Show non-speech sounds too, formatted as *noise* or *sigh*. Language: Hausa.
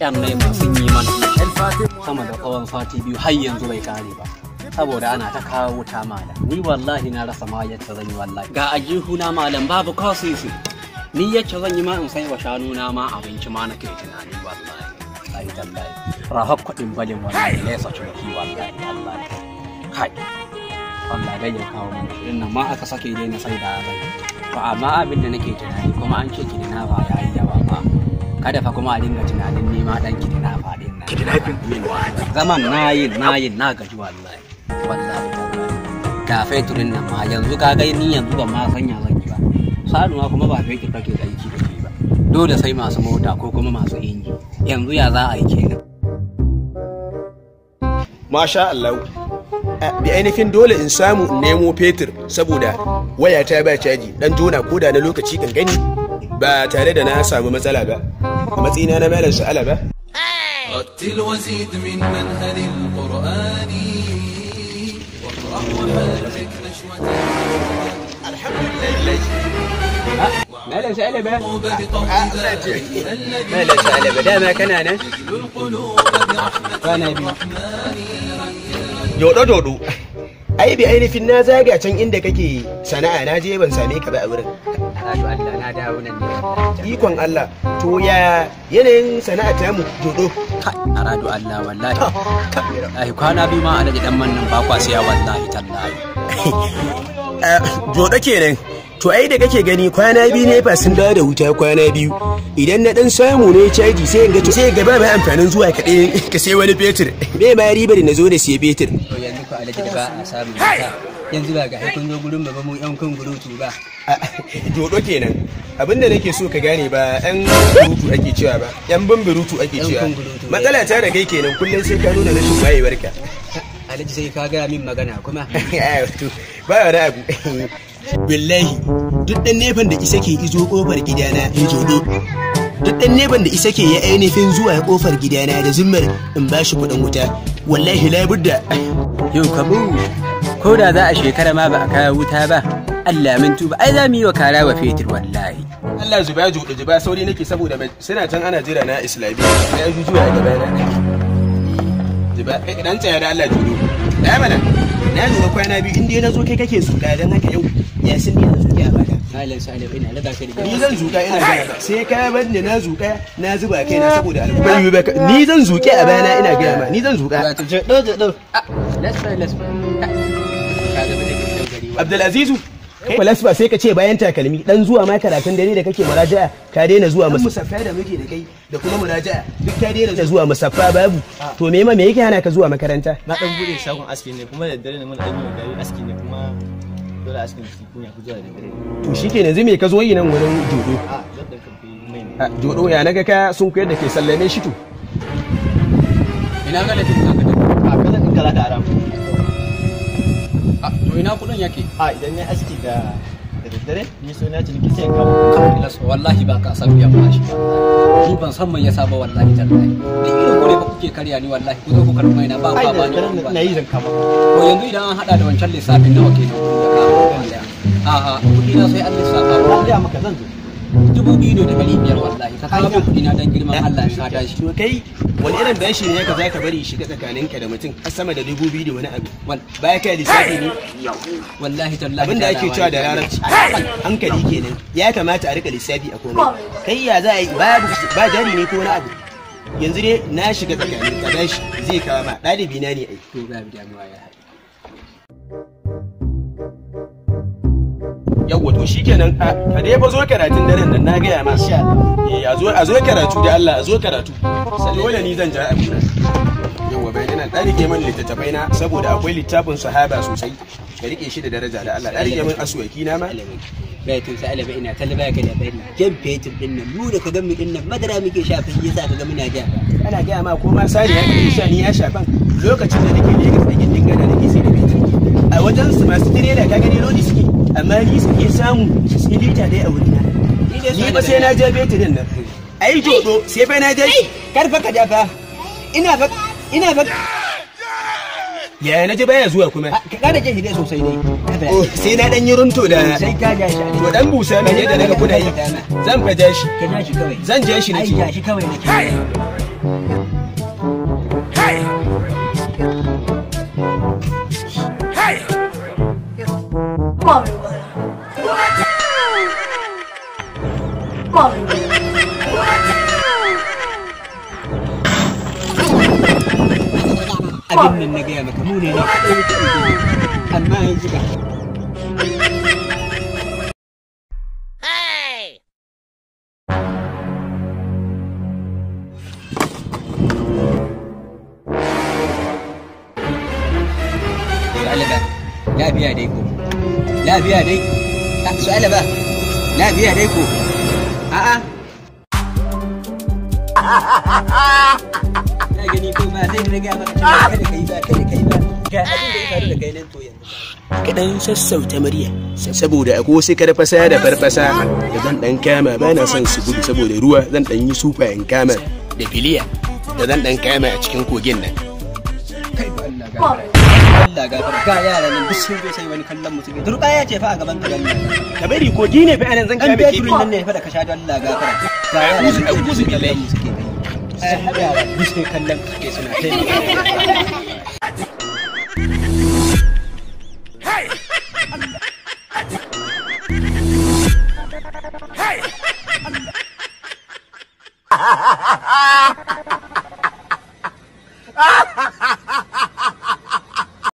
yan nema sun yi mana sama da tsawon sati biyu har yanzu bai kare ba saboda ana ta kawo wuta malam ni wallahi na rasa ma yadda zan yi wallahi ga ajihu na malam babu kawai ni yacce zan yi ma in sai wa shanu na ma abinci ma ke tunani wallahi wallahi tallahi rahab kuɗin balin wallahi ne sa cinki wallahi wallahi kai wallahi dai ya kawo mun shirin nan ma aka sake dai na sai da zai amma abin da nake tunani kuma an ce kidina ba yayi yawa ba kada fa kuma a dinga tunanin nema dan kidina fa din nan kidnapping zaman nayin nayin na gaji wallahi wallahi da feturin nan ma yanzu ka ga ni yanzu ba ma sanya zan yi ba sanuwa kuma ba fetur kake aiki da ke ba dole sai masu mota ko kuma masu inji yanzu ya za a yi kenan masha Allah bi ainihin dole in samu in nemo fetur saboda waya ta ba caji dan jona koda na lokaci gani? ba tare da na samu matsala ba متين أنا مالج قلبة قتل وزيد من منهل القرآن واقرأ وحرك نشوة الحمد لله مالج قلبة مالج قلبة ده ما كان أنا انا بي jodo jodo ai bi ainihin na zaga can inda kake sana'a أنا je ban same ka ba tsakanin Allah na dawo nan ne ikon Allah to ya yanayin sana'a ta mu dodo Aradu Allah wallahi ai kwana biyu ma alaji dan nan ba kwa siya wallahi tallahi *laughs* eh, jodo kenan to ai da kake gani kwana biyu ne fa sun dawo da wuta kwana biyu idan na dan samu ne caji sai in ga sai gaba mai amfanin zuwa ka ka sai wani fetur bai ma ribar na zo da siya fetur to yanzu ko alaji da ba a samu yanzu ba ga kun zo gurin ba mu yan kan gurutu ba jodo kenan abinda nake so ka gane ba yan gurutu ake cewa ba yan bamburutu ake cewa matsala ta da kai kenan kullum sai ka nuna rashin wayewar ka *laughs* alhaji sai ka gaya min magana kuma *laughs* ba wani abu billahi *laughs* duk dan nefan da isa ke izo kofar gidana ya jodo duk dan neban da isa ke ya ainihin zuwa kofar gidana da zimmar in bashi kudin wuta wallahi labudda yau kabu ko da za a shekara ma ba a kawo wuta ba Allah mun tuba ai za mu yi wa kara wa fetur wallahi Allah zuba juɗu juba sauri nake saboda suna can ana jira na islamiyya ya zuwa a gaba na juba eh, dan tsaya da Allah juɗu da mana na wa kwana biyu inda na zo kai kake zuga dan haka yau ya sun ne na zuga ba Ni zan zuka ina ba sai ka bar ni na zuka na zuba kai na saboda alƙur'ani ba ni zan zuke a bayana ina gaya ma ni zan zuka. Wato je do je do. Ah, let's try let's try. Abdulazizu kwalas ba sai ka ce bayan takalmi dan zuwa ma karatun dare da kake muraja'a ka daina zuwa musaffa da muke da kai da kuma muraja'a duk ka daina zuwa musaffa babu ah. to me ma me yake hana ka zuwa makaranta na dan bude shagon aski ne kuma da dare ne mun aiki da aski ne kuma dole aski ne kun ya zuwa da dare to shikenan yanzu me ka zo yi nan wurin jodo a ah, ah, jodo ya naga ka sun koyar da ke sallame shi to ina ga da ka da ka da kala da arabu ina kudin yake a idan ne aski da daddare ni so na ciniki sai kawo kamar ila so wallahi ba ka san biyan bashi ni ban san mai yasa ba wallahi tallahi ni irin kore ba kuke karya ni wallahi ku zo ku karɓa ina ba ba ba ni na yi zan kama to yanzu idan an hada da wancan lissafin nawa ke kenan a ha kudi na sai an lissafa ba ya maka zan zo dubu biyu da ɗari biyar wallahi ka kawo kuɗi na dan girman Allah ya kada to kai wani irin bashi ne ka zaka bari shiga tsakaninka da mutum har sama da dubu biyu da wani abu baya kai lissafi ne wallahi tallahi abinda ake cewa da larabci hankali kenan ya kamata a rika lissafi a komai kai ya za a yi ba jari ne ko wani abu yanzu ne na shiga tsakanin ka zai kawo ma ɗalibi na ne ai to ba damuwa ya haɗu yawa to shikenan ka dai fa zo karatun daren nan na gaya ma eh a zo a zo karatu da Allah a zo karatu Sai dole ni zan ja abuna yawa bai dana dan rike min littattafai na saboda akwai littafin sahaba sosai ka rike shi da daraja da Allah dan rike min aswaki na ma bai tun sa alaba ina talaba ka da bai jan fetur din nan mu da ka ga mu din nan madara muke shafa shi yasa ka ga muna ja ana gaya ma ko ma sani ya ke sha ni ya shafan lokacin da nake Lagos da gindin gada nake sai da fetur a wajen su masu tirela ka gani lodi suke amma ni su ke samu lita dai a wurina ni ba sai na je betirin nan ai dodo sai fa na je karfa ka dafa ina fa ina fa ya na je baya zuwa kuma ah, ka kada ke hide sosai ne oh, sai na dan yi runto da sai ka ja shi to dan busa ne da daga kuda yi zan fa je shi ka ja shi kawai zan je shi ne ai ja shi kawai ne hai hai Mommy will. Abin nan na gaya maka mu ne dai ko. lafiya dai ah, su'ala ba lafiya dai ko a'a na *laughs* gani ko ba sai na gaya maka cewa kada kai ba ka kai ba da yanzu kaɗan sassauta murya saboda ko sai fasa da farfasa da zan dan kama ba na son su gudu saboda ruwa zan dan yi sufa in kama da filiya da zan dan kama a cikin kogin nan Allah gafara na gafara ga yaran nan duk sun sai wani kallon mu suke turba ce fa a gaban ka dan nan ka bari ko dine fa anan zan kabe ki nan ne fa da ka sha dan Allah gafara ga yaran nan duk sun kallon mu suke ai hada duk sai kallon suke suna